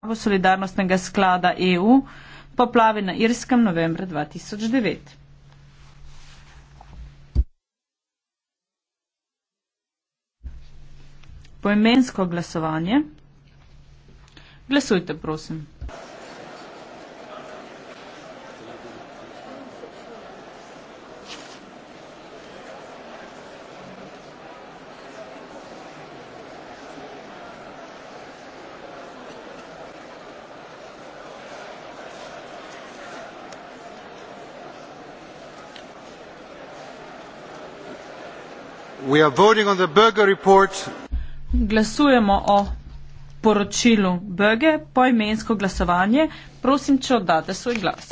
uporabo solidarnostnega sklada EU poplave na Irskem novembra 2009. Poimensko glasovanje. Glasujte, prosim. Glasujemo o poročilu Böge, poimensko glasovanje. Prosim, če oddate svoj glas.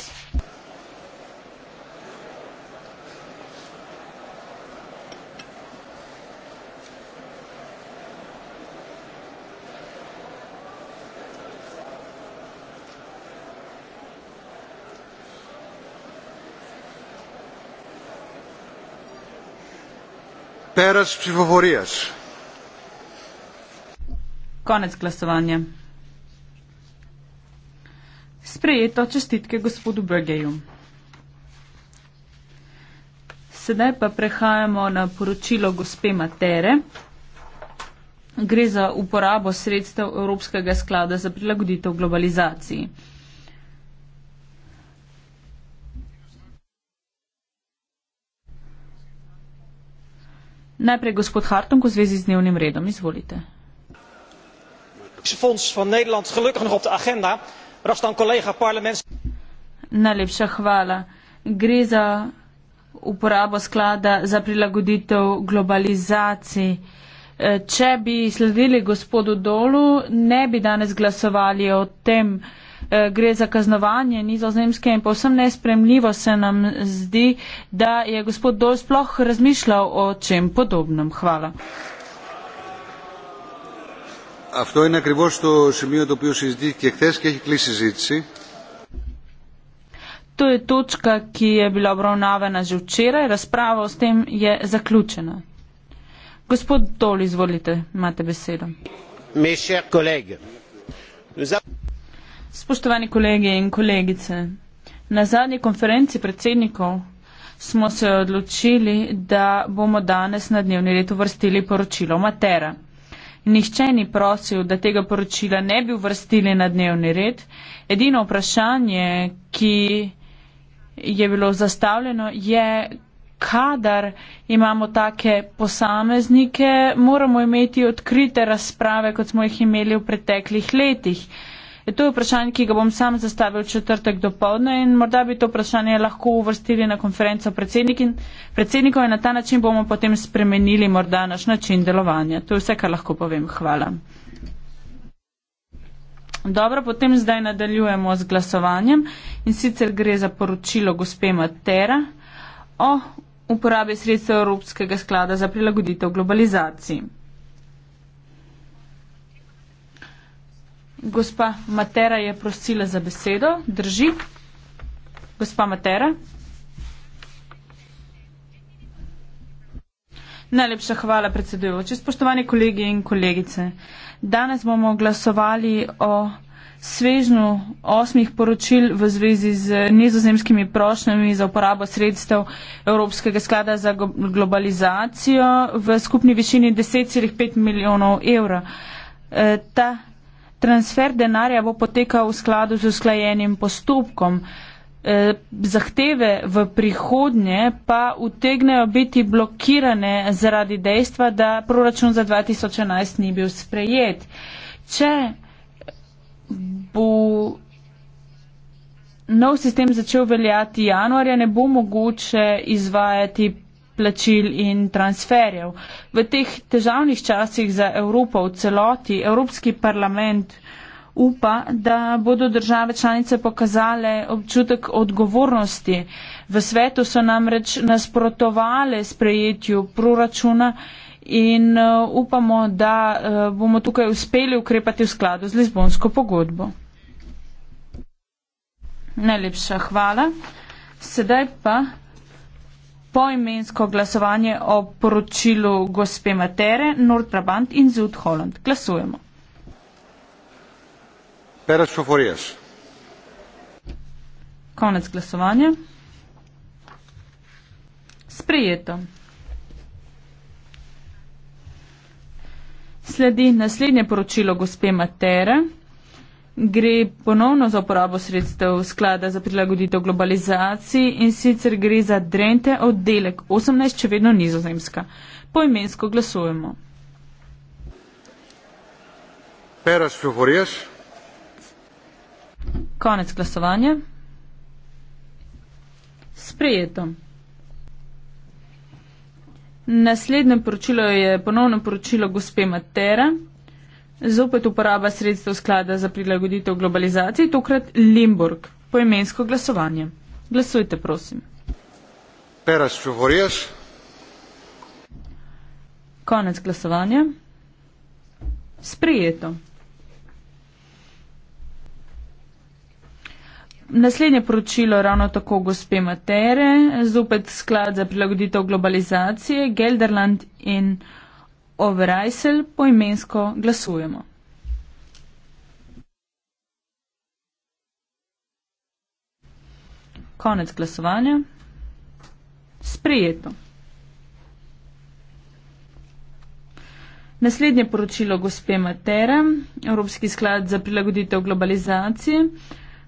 konec glasovanja sprejeto čestitke gospodu Bergeju. Sedaj pa prehajamo na poročilo gospe Matere. Gre za uporabo sredstev Evropskega sklada za prilagoditev globalizaciji. Najprej gospod Hartung v zvezi z dnevnim redom. Izvolite. Najlepša hvala. Gre za uporabo sklada za prilagoditev globalizaciji. Eh, če bi sledili gospodu Dolu, ne bi danes glasovali o tem, Eh, gre za kaznovanje nizozemske in povsem nespremljivo se nam zdi, da je gospod Dol sploh razmišljal o čem podobnem. Hvala. Αυτό είναι ακριβώ το σημείο το οποίο συζητήθηκε χθε και έχει κλείσει η συζήτηση. To je točka, ki je bila obravnavana že včeraj. Razprava o tem je zaključena. Gospod Dol, izvolite, imate besedo. Mes chers collègues, nous avons... Spoštovani kolegi in kolegice, na zadnji konferenci predsednikov smo se odločili, da bomo danes na dnevni red uvrstili poročilo Matera. Nihče ni prosil, da tega poročila ne bi uvrstili na dnevni red. Edino vprašanje, ki je bilo zastavljeno, je, kadar imamo take posameznike, moramo imeti odkrite razprave, kot smo jih imeli v preteklih letih. To je vprašanje, ki ga bom sam zastavil četrtek do povdne in morda bi to vprašanje lahko uvrstili na konferenco predsednikov in na ta način bomo potem spremenili morda naš način delovanja. To je vse, kar lahko povem. Hvala. Dobro, potem zdaj nadaljujemo z glasovanjem in sicer gre za poročilo gospe Matera o uporabi sredstev Evropskega sklada za prilagoditev globalizaciji. Gospa Matera je prosila za besedo. Drži. Gospa Matera. Najlepša hvala, predsedujoči. Spoštovani kolegi in kolegice. Danes bomo glasovali o svežnju osmih poročil v zvezi z nizozemskimi prošnjami za uporabo sredstev Evropskega sklada za globalizacijo v skupni višini 10,5 milijonov evra. E, Transfer denarja bo potekal v skladu z usklajenim postopkom. E, zahteve v prihodnje pa utegnejo biti blokirane zaradi dejstva, da proračun za 2011 ni bil sprejet. Če bo nov sistem začel veljati januarja, ne bo mogoče izvajati plačil in transferjev. V teh težavnih časih za Evropo v celoti Evropski parlament upa, da bodo države članice pokazale občutek odgovornosti. V svetu so namreč nasprotovali sprejetju proračuna in uh, upamo, da uh, bomo tukaj uspeli ukrepati v skladu z Lizbonsko pogodbo. Najlepša hvala. Sedaj pa poimensko glasovanje o poročilu gospe Matere, Nord Trabant in Zud Holland. Glasujemo. Perez Foforijas. Konec glasovanja. Sprijeto. Sledi naslednje poročilo gospe Matere gre ponovno za uporabo sredstev sklada za prilagoditev globalizaciji in sicer gre za Drente oddelek 18, če vedno nizozemska. Poimensko glasujemo. Peraš Fjohorješ. Konec glasovanja. Sprejeto. Naslednje poročilo je ponovno poročilo gospe Matera, Zopet uporaba sredstev sklada za prilagoditev globalizaciji, tokrat Limburg, poimensko glasovanje. Glasujte, prosim. Peras Čuvorijas. Konec glasovanja. Sprijeto. Naslednje poročilo ravno tako gospe Matere, zopet sklad za prilagoditev globalizacije, Gelderland in Limburg. Overijsel poimensko glasujemo. Konec glasovanja. Sprejeto. Naslednje poročilo gospe Matera, Evropski sklad za prilagoditev globalizacije,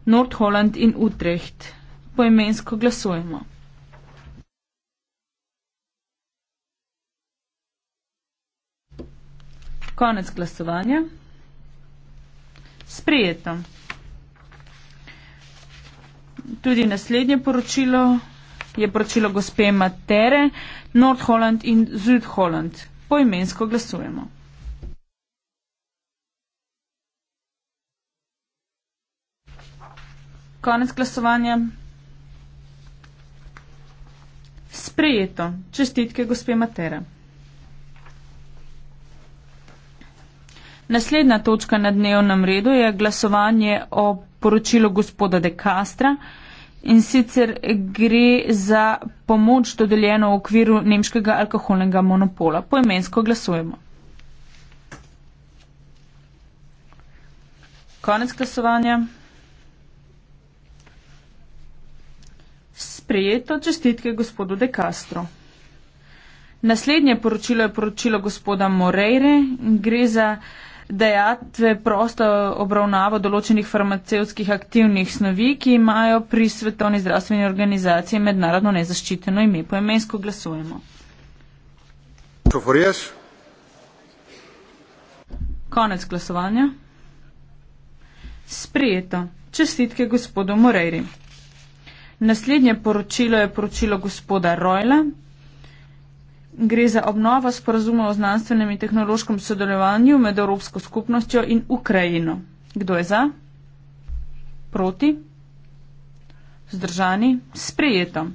Nord Holland in Utrecht. Poimensko glasujemo. Konec glasovanja. Sprejeto. Tudi naslednje poročilo je poročilo gospe Matere, North Holland in Zuid Holland. Poimensko glasujemo. Konec glasovanja. Sprejeto. Čestitke gospe Matere. Naslednja točka na dnevnem redu je glasovanje o poročilu gospoda De Castra in sicer gre za pomoč dodeljeno v okviru nemškega alkoholnega monopola. Poimensko glasujemo. Konec glasovanja. Sprejeto čestitke gospodu De Castro. Naslednje poročilo je poročilo gospoda Morejre in gre za dejatve prosto obravnavo določenih farmacevskih aktivnih snovi, ki imajo pri Svetovni zdravstveni organizaciji mednarodno nezaščiteno ime. Poemensko glasujemo. Konec glasovanja. Sprijeto. Čestitke gospodu Moreri. Naslednje poročilo je poročilo gospoda Rojla, gre za obnovo sporazuma o znanstvenem in tehnološkem sodelovanju med Evropsko skupnostjo in Ukrajino. Kdo je za? Proti? Zdržani? Sprejeto.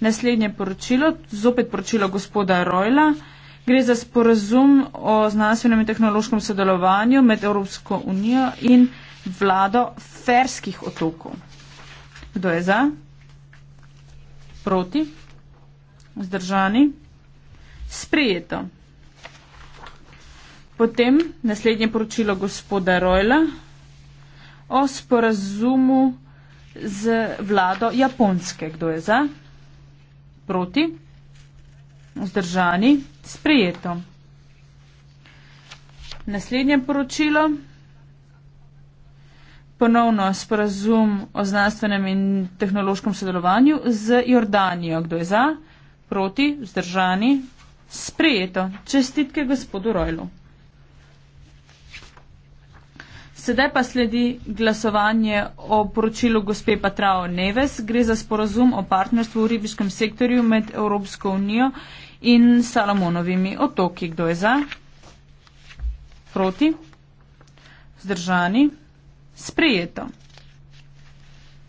Naslednje poročilo, zopet poročilo gospoda Rojla, gre za sporazum o znanstvenem in tehnološkem sodelovanju med Evropsko unijo in vlado Ferskih otokov. Kdo je za? Proti? vzdržani. Sprejeto. Potem naslednje poročilo gospoda Rojla o sporazumu z vlado Japonske. Kdo je za? Proti? Vzdržani? Sprejeto. Naslednje poročilo. Ponovno sporazum o znanstvenem in tehnološkem sodelovanju z Jordanijo. Kdo je za? Proti? proti, vzdržani, sprejeto. Čestitke gospodu Rojlu. Sedaj pa sledi glasovanje o poročilu gospe Patrao Neves. Gre za sporozum o partnerstvu v ribiškem sektorju med Evropsko unijo in Salomonovimi otoki. Kdo je za? Proti? Zdržani? Sprejeto.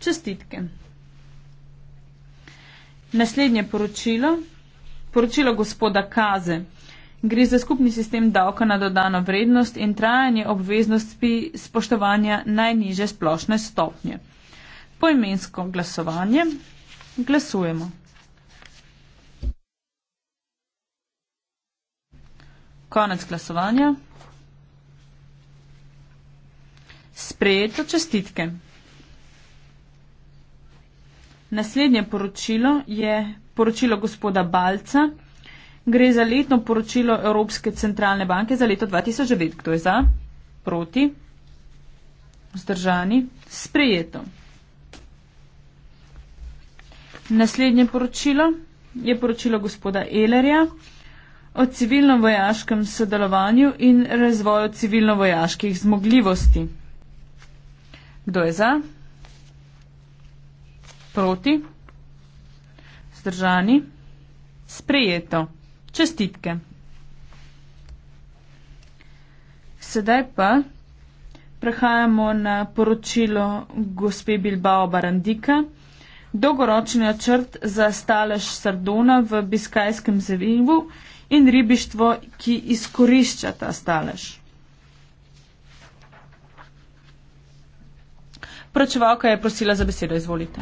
Čestitke. Naslednje poročilo. Poročilo gospoda Kaze. Gre za skupni sistem davka na dodano vrednost in trajanje obveznosti spoštovanja najniže splošne stopnje. Poimensko glasovanje. Glasujemo. Konec glasovanja. Sprejeto čestitke. Naslednje poročilo je poročilo gospoda Balca. Gre za letno poročilo Evropske centralne banke za leto 2009. Kdo je za? Proti? Zdržani? Sprejeto. Naslednje poročilo je poročilo gospoda Elerja o civilno-vojaškem sodelovanju in razvoju civilno-vojaških zmogljivosti. Kdo je za? Proti? Zdržani? Sprejeto. Čestitke. Sedaj pa prehajamo na poročilo gospe Bilbao Barandika. Dolgoročni načrt za stalež sardona v Biskajskem zavivu in ribištvo, ki izkorišča ta stalež. Poročevalka je prosila za besedo. Izvolite.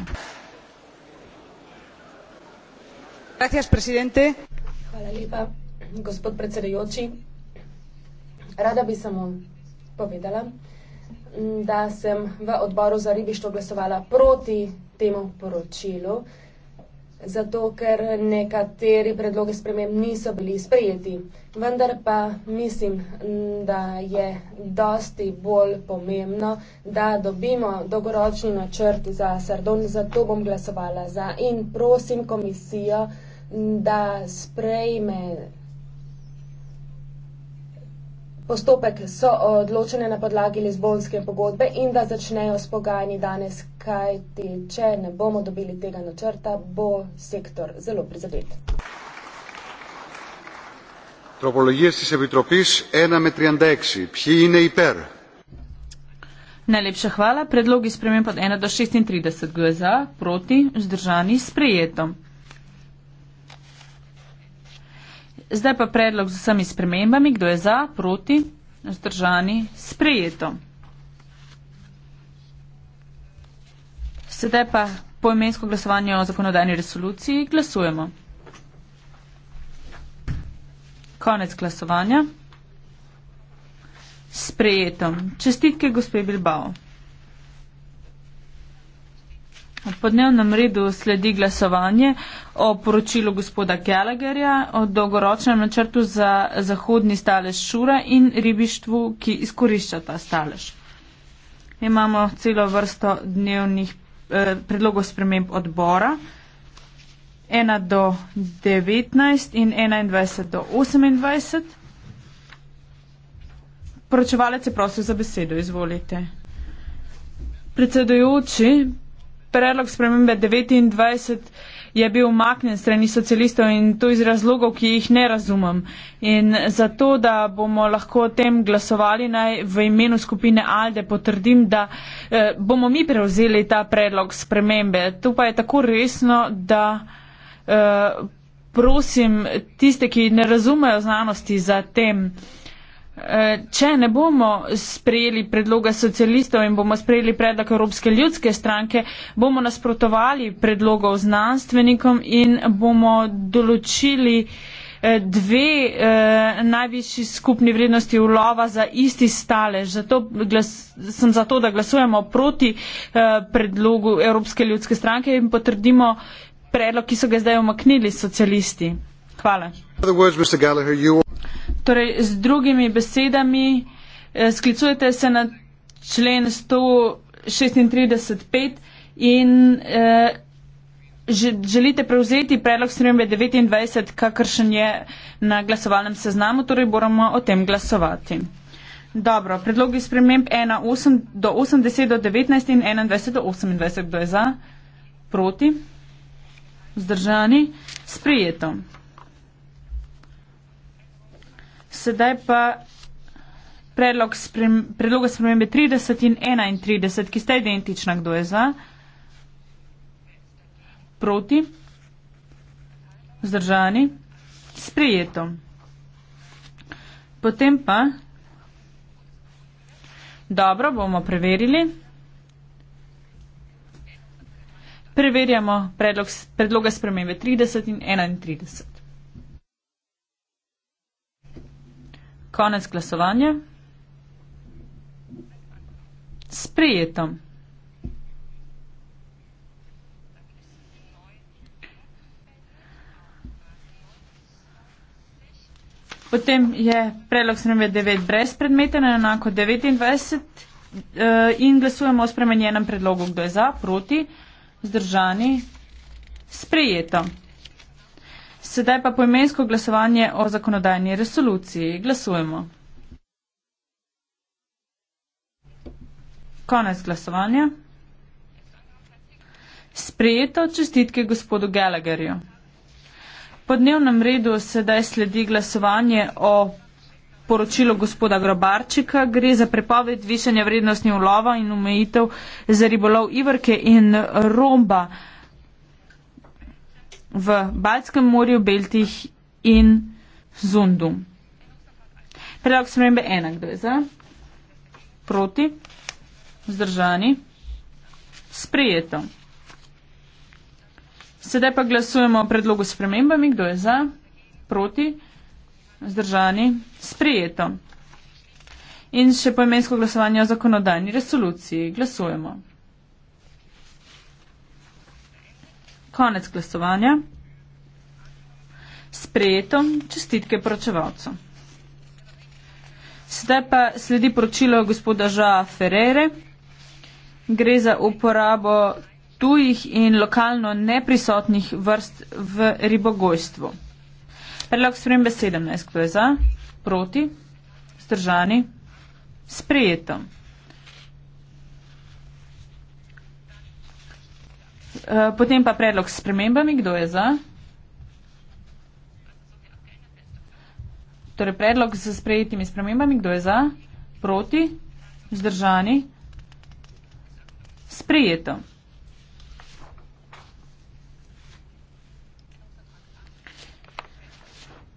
Gracias, presidente. Hvala lepa, gospod predsedujoči. Rada bi samo povedala, da sem v odboru za ribištvo glasovala proti temu poročilu zato ker nekateri predloge sprememb niso bili sprejeti. Vendar pa mislim, da je dosti bolj pomembno, da dobimo dolgoročni načrt za Sardon, zato bom glasovala za in prosim komisijo, da sprejme postopek so odločene na podlagi Lizbonske pogodbe in da začnejo s pogajanji danes, kaj ti, če ne bomo dobili tega načrta, bo sektor zelo prizadet. Najlepša hvala. Predlogi spremem pod 1 do 36 glasov, proti, vzdržani, sprejeto. zdaj pa predlog z vsemi spremembami, kdo je za, proti, zdržani, sprejeto. Sedaj pa po imensko glasovanje o zakonodajni resoluciji glasujemo. Konec glasovanja. Sprejeto. Čestitke gospe Bilbao. Po dnevnem redu sledi glasovanje o poročilu gospoda Gallagherja, o dolgoročnem načrtu za zahodni stalež Šura in ribištvu, ki izkorišča ta stalež. Imamo celo vrsto dnevnih eh, predlogov sprememb odbora. 1 do 19 in 21 do 28. Poročevalec je prosil za besedo. Izvolite. Predsedujoči, predlog spremembe 29 je bil umaknjen strani socialistov in to iz razlogov, ki jih ne razumem. In zato, da bomo lahko o tem glasovali, naj v imenu skupine Alde potrdim, da eh, bomo mi prevzeli ta predlog spremembe. To pa je tako resno, da. Eh, Prosim tiste, ki ne razumejo znanosti za tem, eh, Če ne bomo sprejeli predloga socialistov in bomo sprejeli predlog Evropske ljudske stranke, bomo nasprotovali predlogov znanstvenikom in bomo določili eh, dve eh, najvišji skupni vrednosti ulova za isti stalež. Zato glas, sem zato, da glasujemo proti eh, predlogu Evropske ljudske stranke in potrdimo predlog, ki so ga zdaj omaknili socialisti. Hvala. Torej, z drugimi besedami, eh, sklicujete se na člen 136.5 in eh, želite prevzeti predlog sremembe 29, kakršen je na glasovalnem seznamu, torej moramo o tem glasovati. Dobro, predlogi sprememb 1.8 do 80 do 19 in 21 do 28, kdo je za, proti, zdržani, sprijeto. sedaj pa predlog sprem, predloga spremembe 30 in 31, ki sta identična, kdo je za. Proti. Zdržani. Sprijeto. Potem pa. Dobro, bomo preverili. Preverjamo predlog, predloga spremembe 30 in 31. Konec glasovanja. Sprijeto. Potem je predlog sremenbe 9 brez predmeta na enako 29 eh, in glasujemo o spremenjenem predlogu, kdo je za, proti, zdržani, sprejeto. Sedaj pa poimensko glasovanje o zakonodajni resoluciji. Glasujemo. Konec glasovanja. Sprejeto čestitke gospodu Gallagherju. Po dnevnem redu sedaj sledi glasovanje o poročilo gospoda Grobarčika. Gre za prepoved višanja vrednostnih ulova in umejitev za ribolov Ivrke in Romba v Baltskem morju, Beltih in Zundu. Predlog spremembe ena, kdo je za? Proti? Zdržani? Sprejeto. Sedaj pa glasujemo o predlogu spremembami, kdo je za? Proti? Zdržani? Sprejeto. In še poimensko glasovanje o zakonodajni resoluciji. Glasujemo. Konec glasovanja. Sprejeto čestitke poročevalcu. Sedaj pa sledi poročilo gospoda Žaa Ferrere. Gre za uporabo tujih in lokalno neprisotnih vrst v ribogojstvu. Predlog spremembe 17. Kdo je za? Proti? Zdržani? Sprejeto. Eh, potem pa predlog s spremembami, kdo je za? Torej predlog s sprejetimi spremembami, kdo je za? Proti? Zdržani? Sprejeto.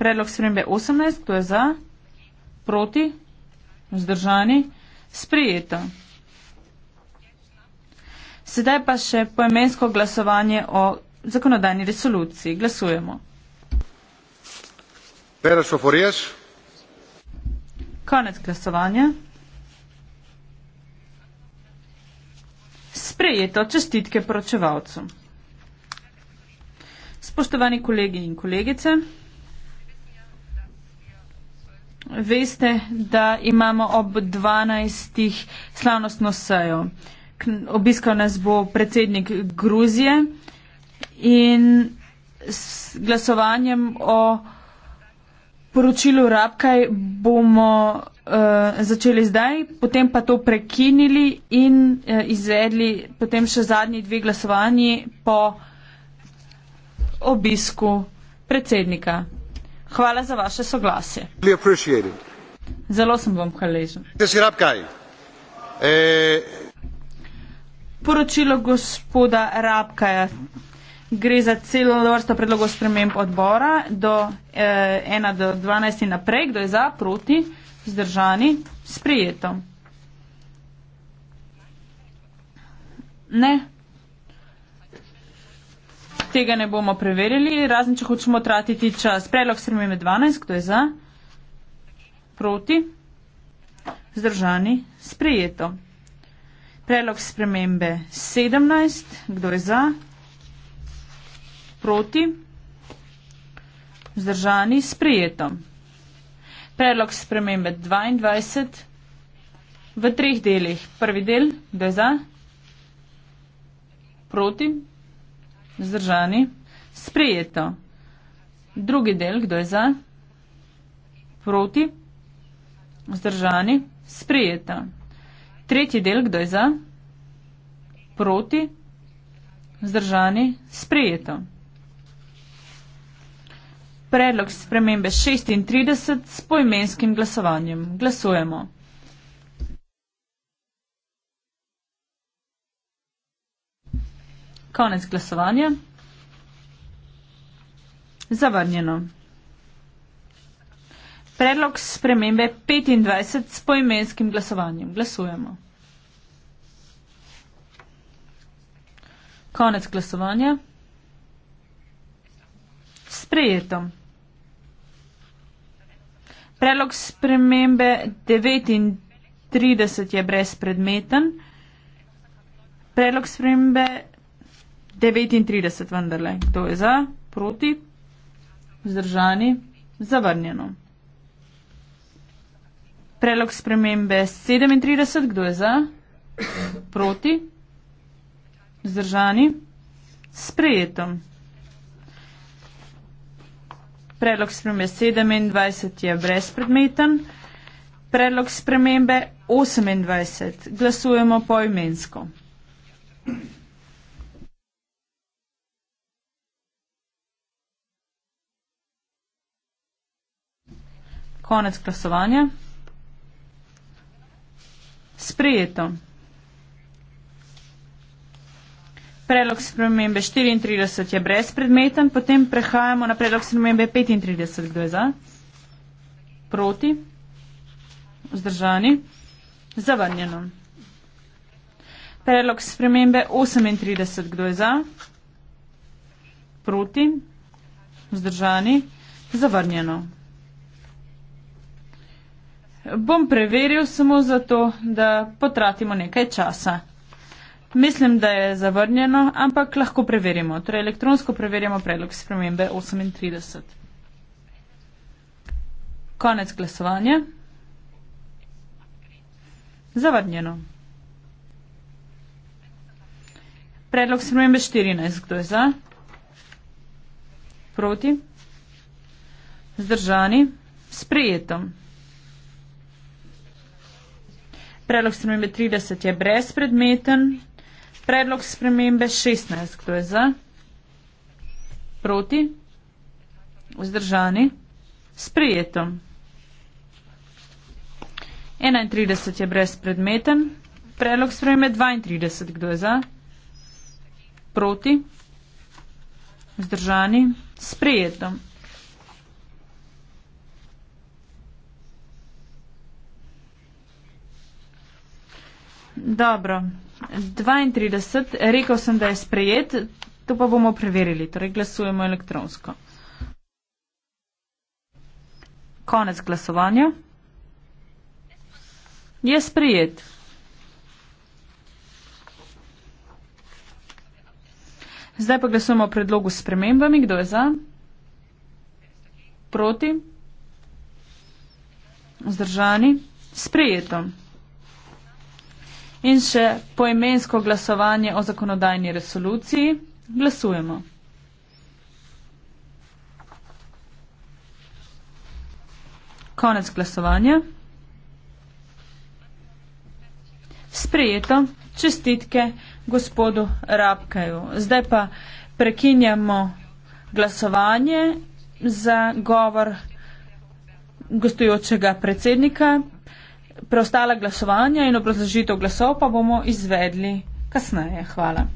Predlog spremembe 18, kdo je za? Proti? Zdržani? Sprejeto. Sedaj pa še poemensko glasovanje o zakonodajni resoluciji. Glasujemo. Konec glasovanja. Sprejeto čestitke poročevalcu. Spoštovani kolegi in kolegice, veste, da imamo ob 12. slavnostno sejo obiskal nas bo predsednik Gruzije in s glasovanjem o poročilu Rabkaj bomo uh, začeli zdaj, potem pa to prekinili in uh, izvedli potem še zadnji dve glasovanji po obisku predsednika. Hvala za vaše soglasje. Zelo sem vam hvaležen poročilo gospoda Rabka. Gre za celo vrsto predlogov sprememb odbora do eh, 1 do 12 naprej, kdo je za, proti, zdržani, sprijeto. Ne. Tega ne bomo preverili, razen če hočemo tratiti čas. Predlog sprememb 12, kdo je za, proti, zdržani, sprijeto. Predlog spremembe 17. Kdo je za? Proti? Zdržani? Sprijeto. Predlog spremembe 22. V treh delih. Prvi del. Kdo je za? Proti? Zdržani? Sprijeto. Drugi del. Kdo je za? Proti? Zdržani? Sprijeto. Tretji del, kdo je za? Proti? Vzdržani? Sprejeto. Predlog spremembe 36 s poimenskim glasovanjem. Glasujemo. Konec glasovanja. Zavrnjeno. Predlog spremembe 25 s poimenskim glasovanjem. Glasujemo. Konec glasovanja. Sprejeto. Predlog spremembe 39 je brezpredmeten. Predlog spremembe 39 vendarle. Kdo je za? Proti? Zdržani? Zavrnjeno. Predlog spremembe 37, kdo je za? Proti? Zdržani? Sprejeto. Predlog spremembe 27 je brezpredmeten. Predlog spremembe 28. Glasujemo poimensko. Konec glasovanja. Sprejeto. Predlog spremembe 34 je brezpredmeten, potem prehajamo na predlog spremembe 35. Kdo je za? Proti? Vzdržani? Zavrnjeno. Predlog spremembe 38. Kdo je za? Proti? Vzdržani? Zavrnjeno. Bom preveril samo zato, da potratimo nekaj časa. Mislim, da je zavrnjeno, ampak lahko preverimo. Torej elektronsko preverjamo predlog spremembe 38. Konec glasovanja. Zavrnjeno. Predlog spremembe 14. Kdo je za? Proti? Zdržani? Sprijetom predlog spremembe 30 je brezpredmeten, predlog spremembe 16, kdo je za, proti, vzdržani, sprijeto. 31 je brezpredmeten, predlog spremembe 32, kdo je za, proti, vzdržani, sprijeto. Dobro, 32, rekel sem, da je sprejet, to pa bomo preverili, torej glasujemo elektronsko. Konec glasovanja. Je sprejet. Zdaj pa glasujemo o predlogu s spremembami. Kdo je za? Proti? Zdržani? Sprejeto. In še poimensko glasovanje o zakonodajni resoluciji. Glasujemo. Konec glasovanja. Sprejeto. Čestitke gospodu Rabkaju. Zdaj pa prekinjamo glasovanje za govor gostujočega predsednika, Preostala glasovanja in obrazložitev glasov pa bomo izvedli kasneje. Hvala.